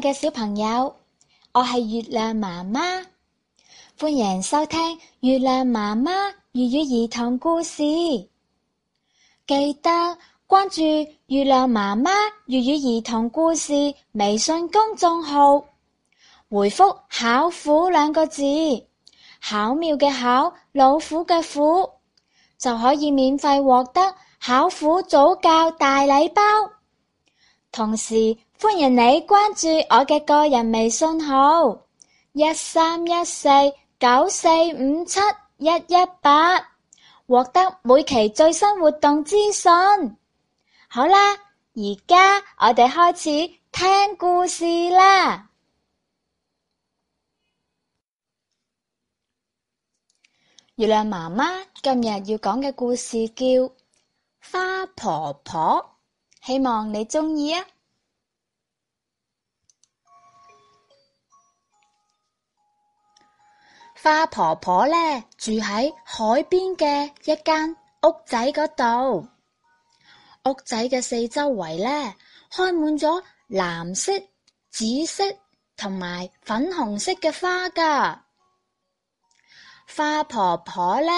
嘅小朋友，我係月亮媽媽，歡迎收聽月亮媽媽粵語兒童故事。記得關注月亮媽媽粵語兒童故事微信公眾號，回覆“巧虎”兩個字，巧妙嘅巧，老虎嘅虎，就可以免費獲得巧虎早教大禮包。同時歡迎你關注我嘅個人微信號一三一四九四五七一一八，8，獲得每期最新活動資訊。好啦，而家我哋開始聽故事啦。月亮媽媽今日要講嘅故事叫花婆婆。希望你鍾意啊！花婆婆呢住喺海邊嘅一間屋仔嗰度，屋仔嘅四周圍呢開滿咗藍色、紫色同埋粉紅色嘅花㗎。花婆婆呢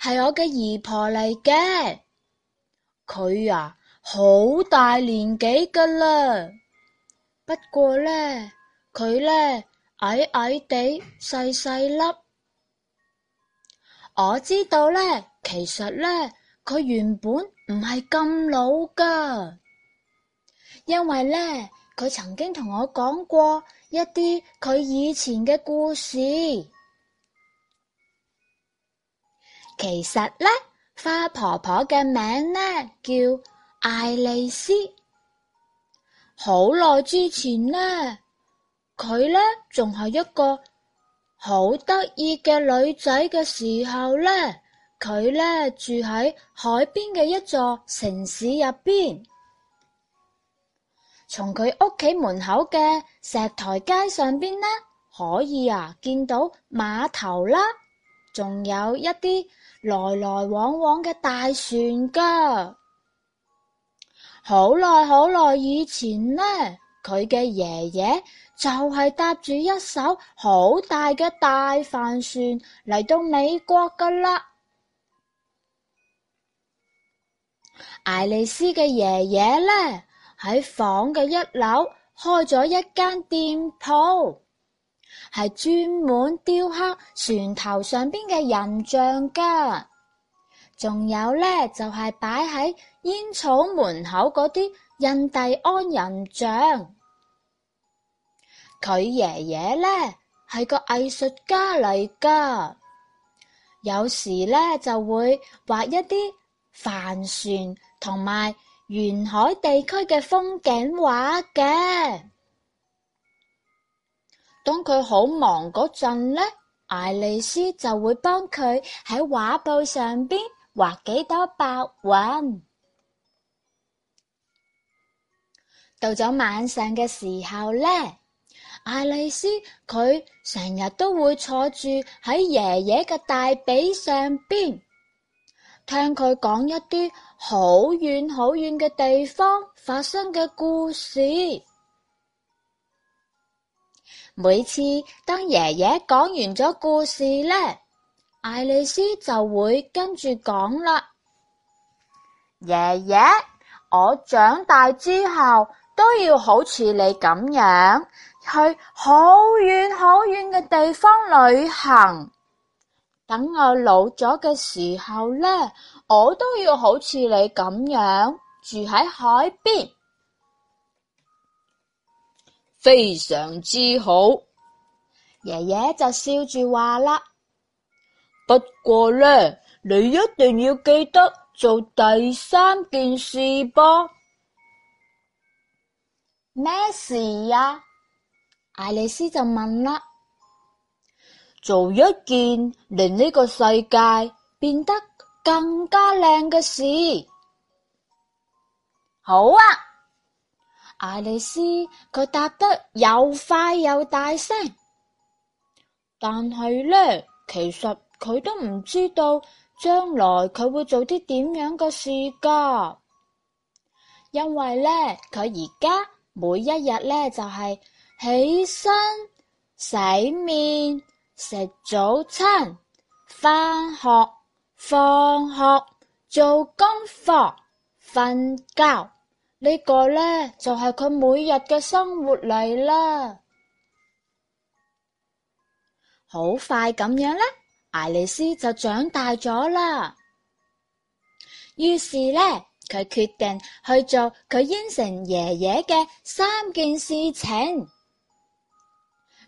係我嘅姨婆嚟嘅，佢啊。好大年紀噶啦，不過呢，佢呢矮矮地，細細粒。我知道呢，其實呢，佢原本唔係咁老噶，因為呢，佢曾經同我講過一啲佢以前嘅故事。其實呢，花婆婆嘅名呢，叫。艾麗絲，好耐之前呢，佢呢仲係一個好得意嘅女仔嘅時候呢，佢呢住喺海邊嘅一座城市入邊。從佢屋企門口嘅石台街上邊呢，可以啊見到碼頭啦，仲有一啲來來往往嘅大船噶。好耐好耐以前呢，佢嘅爺爺就係搭住一艘好大嘅大帆船嚟到美國噶啦。艾麗絲嘅爺爺呢，喺房嘅一樓開咗一間店鋪，係專門雕刻船頭上邊嘅人像噶。仲有呢，就係擺喺煙草門口嗰啲印第安人像。佢爺爺呢係個藝術家嚟噶，有時呢就會畫一啲帆船同埋沿海地區嘅風景畫嘅。當佢好忙嗰陣呢，艾麗絲就會幫佢喺畫布上邊。畫幾朵白雲。到咗晚上嘅時候呢，艾麗絲佢成日都會坐住喺爺爺嘅大髀上邊，聽佢講一啲好遠好遠嘅地方發生嘅故事。每次當爺爺講完咗故事呢。艾麗絲就會跟住講啦，爺爺，我長大之後都要好似你咁樣去好遠好遠嘅地方旅行。等我老咗嘅時候呢，我都要好似你咁樣住喺海邊。非常之好，爺爺就笑住話啦。不過咧，你一定要記得做第三件事噃。咩事呀？愛麗絲就問啦：做一件令呢個世界變得更加靚嘅事。好啊，愛麗絲佢答得又快又大聲。但係咧，其實。佢都唔知道將來佢會做啲點樣嘅事噶，因為呢，佢而家每一日呢，就係起身、洗面、食早餐、翻學、放學、做功課、瞓覺，呢個呢，就係佢每日嘅生活嚟啦。好快咁樣咧？艾麗絲就長大咗啦。於是呢，佢決定去做佢應承爺爺嘅三件事情。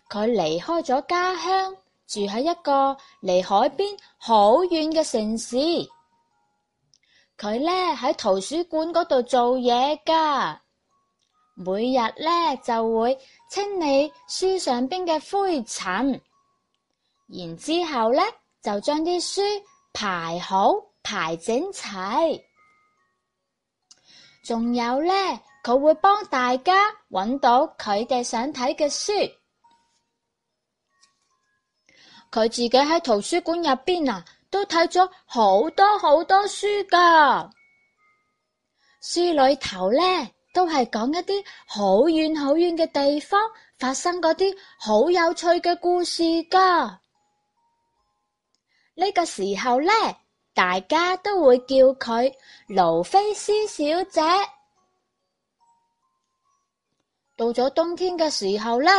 佢離開咗家鄉，住喺一個離海邊好遠嘅城市。佢呢喺圖書館嗰度做嘢㗎，每日呢就會清理書上邊嘅灰塵。然之後呢，就將啲書排好，排整齊。仲有呢，佢會幫大家揾到佢哋想睇嘅書。佢自己喺圖書館入邊啊，都睇咗好多好多書噶。書裏頭呢，都係講一啲好遠好遠嘅地方發生嗰啲好有趣嘅故事噶。呢個時候呢，大家都會叫佢盧菲斯小姐。到咗冬天嘅時候呢，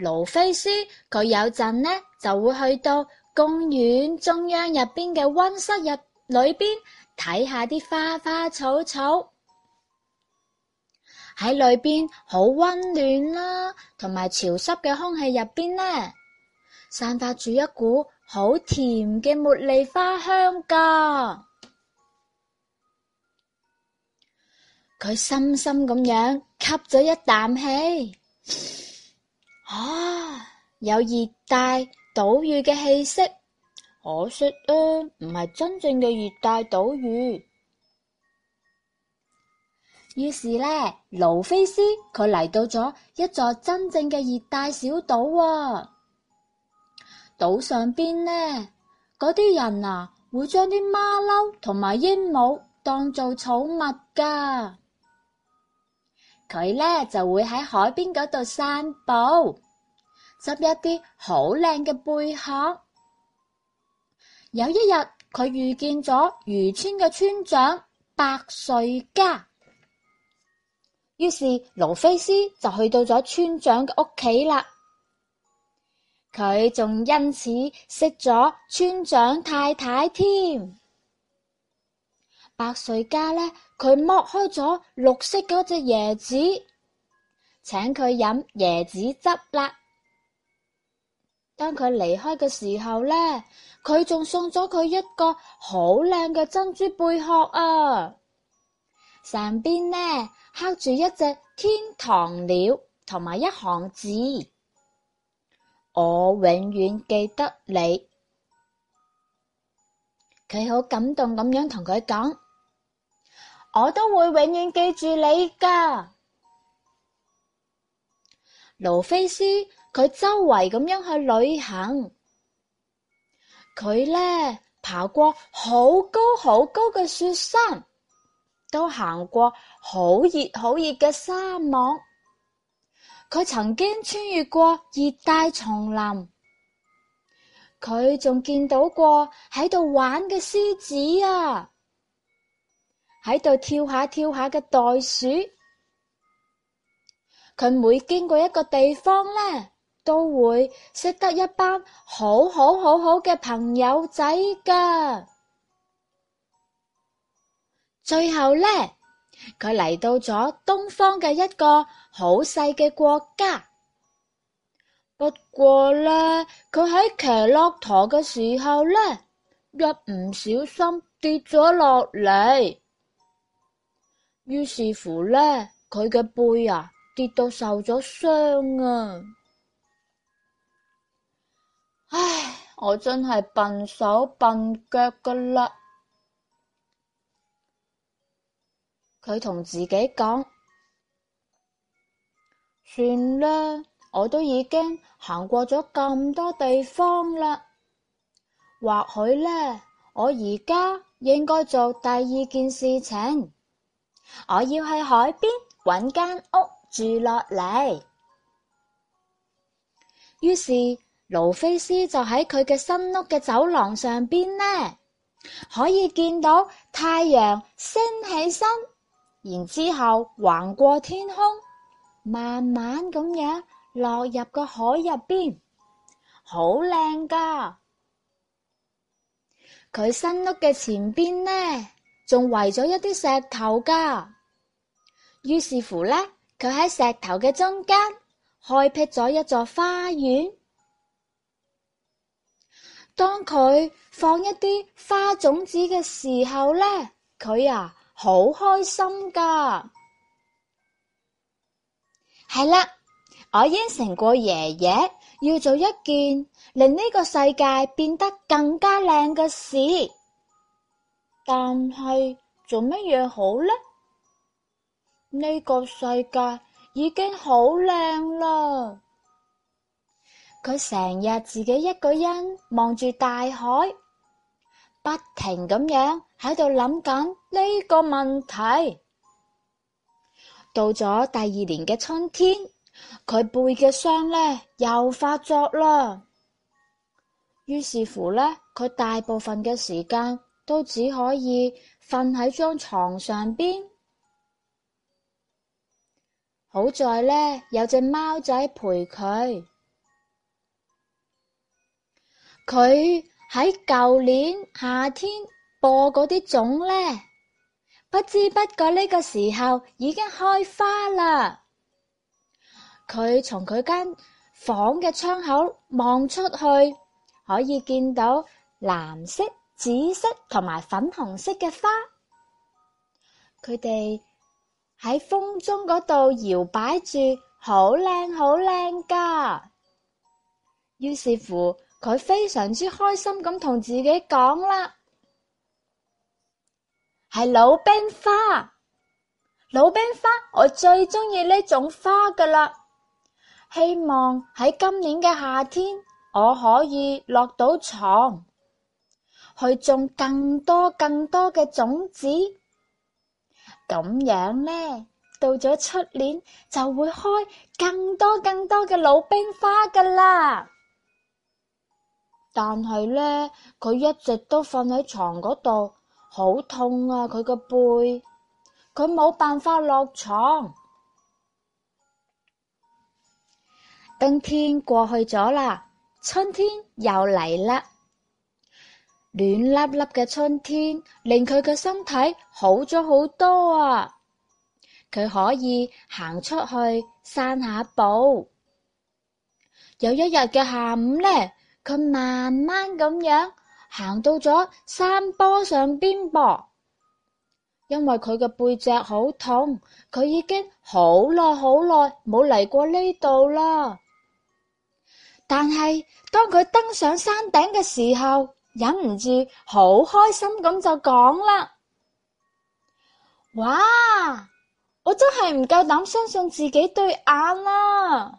盧菲斯佢有陣呢就會去到公園中央入邊嘅溫室入裏邊睇下啲花花草草。喺裏邊好溫暖啦，啊，同埋潮濕嘅空氣入邊呢，散發住一股。好甜嘅茉莉花香噶，佢深深咁樣吸咗一啖氣，啊，有熱帶島嶼嘅氣息，可惜啊，唔係真正嘅熱帶島嶼。於是呢，盧菲斯佢嚟到咗一座真正嘅熱帶小島啊。島上邊呢，嗰啲人啊，會將啲馬騮同埋鸚鵡當做寵物㗎。佢呢就會喺海邊嗰度散步，執一啲好靚嘅貝殼。有一日，佢遇見咗漁村嘅村長百瑞家，於是盧菲斯就去到咗村長嘅屋企啦。佢仲因此識咗村長太太添。白睡家，呢，佢剝開咗綠色嗰隻椰子，請佢飲椰子汁啦。當佢離開嘅時候呢，佢仲送咗佢一個好靚嘅珍珠貝殼啊，上邊呢，刻住一隻天堂鳥同埋一行字。我永遠記得你，佢好感動咁樣同佢講，我都會永遠記住你㗎。盧菲斯佢周圍咁樣去旅行，佢呢，爬過好高好高嘅雪山，都行過好熱好熱嘅沙漠。佢曾經穿越過熱帶叢林，佢仲見到過喺度玩嘅獅子啊，喺度跳下跳下嘅袋鼠。佢每經過一個地方呢，都會識得一班好好好好嘅朋友仔噶。最後呢。佢嚟到咗東方嘅一個好細嘅國家，不過呢，佢喺騎駱駝嘅時候呢，一唔小心跌咗落嚟，於是乎呢，佢嘅背啊跌到受咗傷啊！唉，我真係笨手笨腳㗎喇～佢同自己講：算啦，我都已經行過咗咁多地方啦。或許呢，我而家應該做第二件事情，我要喺海邊搵間屋住落嚟。於是，盧菲斯就喺佢嘅新屋嘅走廊上邊呢，可以見到太陽升起身。然之後橫過天空，慢慢咁樣落入個海入邊，好靚噶。佢新屋嘅前邊呢，仲圍咗一啲石頭噶。於是乎呢，佢喺石頭嘅中間開闢咗一座花園。當佢放一啲花種子嘅時候呢，佢啊。好開心噶，係啦！我應承過爺爺要做一件令呢個世界變得更加靚嘅事，但係做乜嘢好呢？呢個世界已經好靚啦，佢成日自己一個人望住大海。不停咁樣喺度諗緊呢個問題，到咗第二年嘅春天，佢背嘅傷呢又發作啦。於是乎呢，佢大部分嘅時間都只可以瞓喺張床上邊。好在呢，有隻貓仔陪佢，佢。喺舊年夏天播嗰啲種呢，不知不覺呢個時候已經開花啦。佢從佢間房嘅窗口望出去，可以見到藍色、紫色同埋粉紅色嘅花。佢哋喺風中嗰度搖擺住，好靚好靚噶。於是乎。佢非常之開心咁同自己講啦，係魯冰花，魯冰花，我最中意呢種花噶啦。希望喺今年嘅夏天，我可以落到床去種更多更多嘅種子，咁樣呢，到咗出年就會開更多更多嘅魯冰花噶啦。但係呢，佢一直都瞓喺床嗰度，好痛啊！佢個背，佢冇辦法落床。冬天過去咗啦，春天又嚟啦，暖笠笠嘅春天令佢嘅身體好咗好多啊！佢可以行出去散下步。有一日嘅下午呢。佢慢慢咁樣行到咗山坡上邊噃，因為佢嘅背脊好痛，佢已經好耐好耐冇嚟過呢度啦。但係當佢登上山頂嘅時候，忍唔住好開心咁就講啦：哇！我真係唔夠膽相信自己對眼啦啊！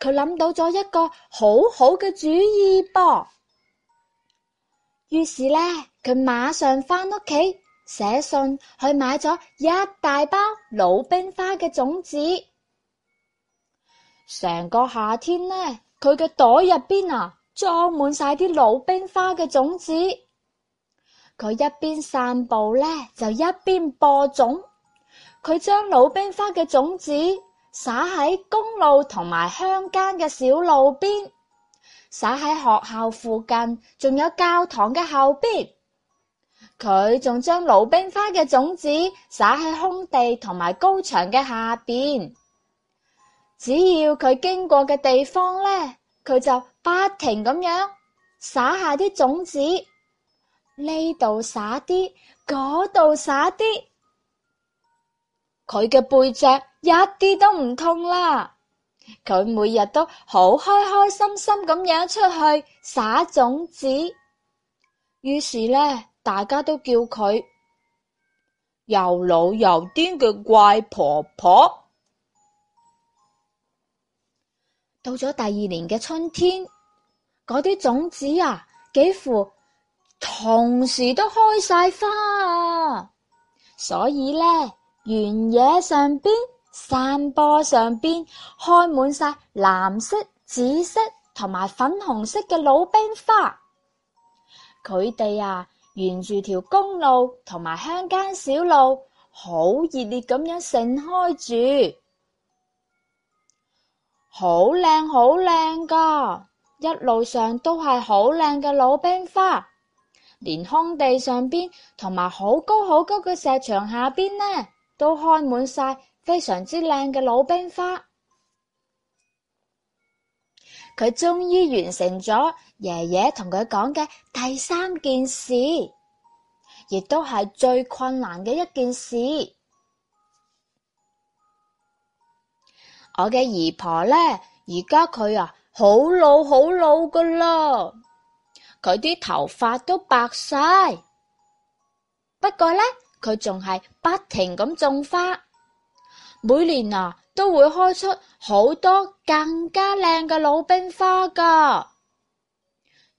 佢諗到咗一個好好嘅主意噃，於是呢，佢馬上返屋企寫信去買咗一大包魯冰花嘅種子。成個夏天呢，佢嘅袋入邊啊裝滿晒啲魯冰花嘅種子。佢一邊散步呢，就一邊播種，佢將魯冰花嘅種子。撒喺公路同埋鄉間嘅小路邊，撒喺學校附近，仲有教堂嘅後邊。佢仲將魯冰花嘅種子撒喺空地同埋高牆嘅下邊。只要佢經過嘅地方呢，佢就不停咁樣撒下啲種子。呢度撒啲，嗰度撒啲。佢嘅背脊，一啲都唔痛啦。佢每日都好開開心心咁樣出去撒種子。於是呢，大家都叫佢又老又癲嘅怪婆婆。到咗第二年嘅春天，嗰啲種子啊，幾乎同時都開晒花啊。所以呢，原野上邊。山坡上邊開滿晒藍色、紫色同埋粉紅色嘅魯冰花，佢哋啊沿住條公路同埋鄉間小路，好熱烈咁樣盛開住，好靚好靚㗎！一路上都係好靚嘅魯冰花，連空地上邊同埋好高好高嘅石牆下邊呢，都開滿晒。非常之靚嘅魯冰花，佢終於完成咗爺爺同佢講嘅第三件事，亦都係最困難嘅一件事。我嘅姨婆呢，而家佢啊好老好老㗎喇，佢啲頭髮都白晒，不過呢，佢仲係不停咁種花。每年啊，都會開出好多更加靚嘅魯冰花噶。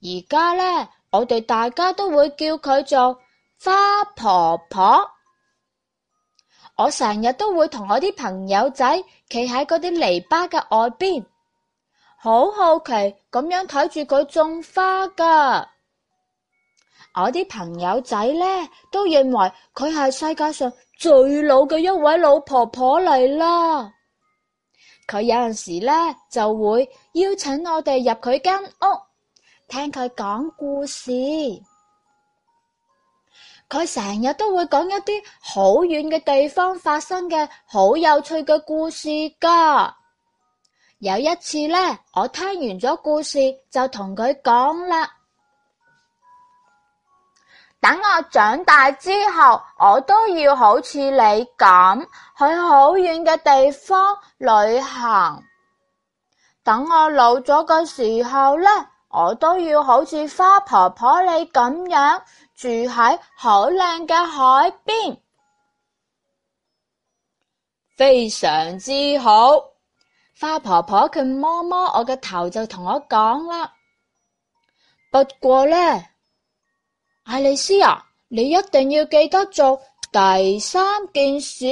而家呢，我哋大家都會叫佢做花婆婆。我成日都會同我啲朋友仔企喺嗰啲籬笆嘅外邊，好好奇咁樣睇住佢種花噶。我啲朋友仔咧都認為佢係世界上最老嘅一位老婆婆嚟啦。佢有陣時咧就會邀請我哋入佢間屋聽佢講故事。佢成日都會講一啲好遠嘅地方發生嘅好有趣嘅故事噶。有一次咧，我聽完咗故事就同佢講啦。等我長大之後，我都要好似你咁去好遠嘅地方旅行。等我老咗嘅時候呢，我都要好似花婆婆你咁樣住喺好靚嘅海邊。非常之好，花婆婆佢摸摸我嘅頭就同我講啦。不過呢。艾麗斯啊，你一定要記得做第三件事。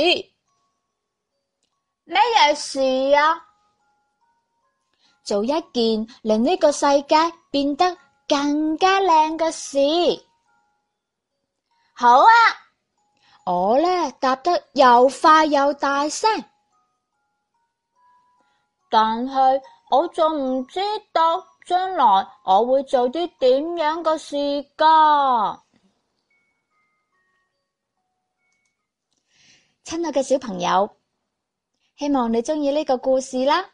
咩嘢事啊？做一件令呢個世界變得更加靚嘅事。好啊，我呢，答得又快又大聲，但係我仲唔知道。將來我會做啲點樣嘅事噶，親愛嘅小朋友，希望你鍾意呢個故事啦。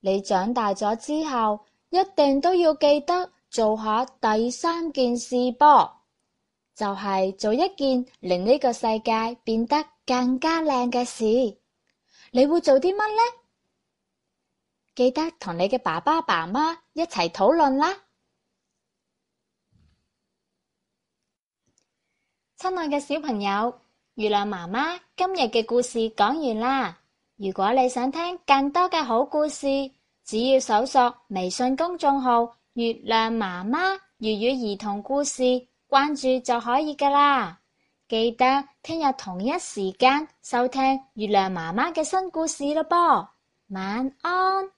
你長大咗之後，一定都要記得做下第三件事啵，就係做一件令呢個世界變得更加靚嘅事。你會做啲乜呢？記得同你嘅爸，爸爸媽媽一齊討論啦，親愛嘅小朋友，月亮媽媽今日嘅故事講完啦。如果你想聽更多嘅好故事，只要搜索微信公眾號“月亮媽媽粵語，語兒童故事”，關注就可以噶啦。記得聽日同一時間收聽月亮媽媽嘅新故事咯噃，晚安。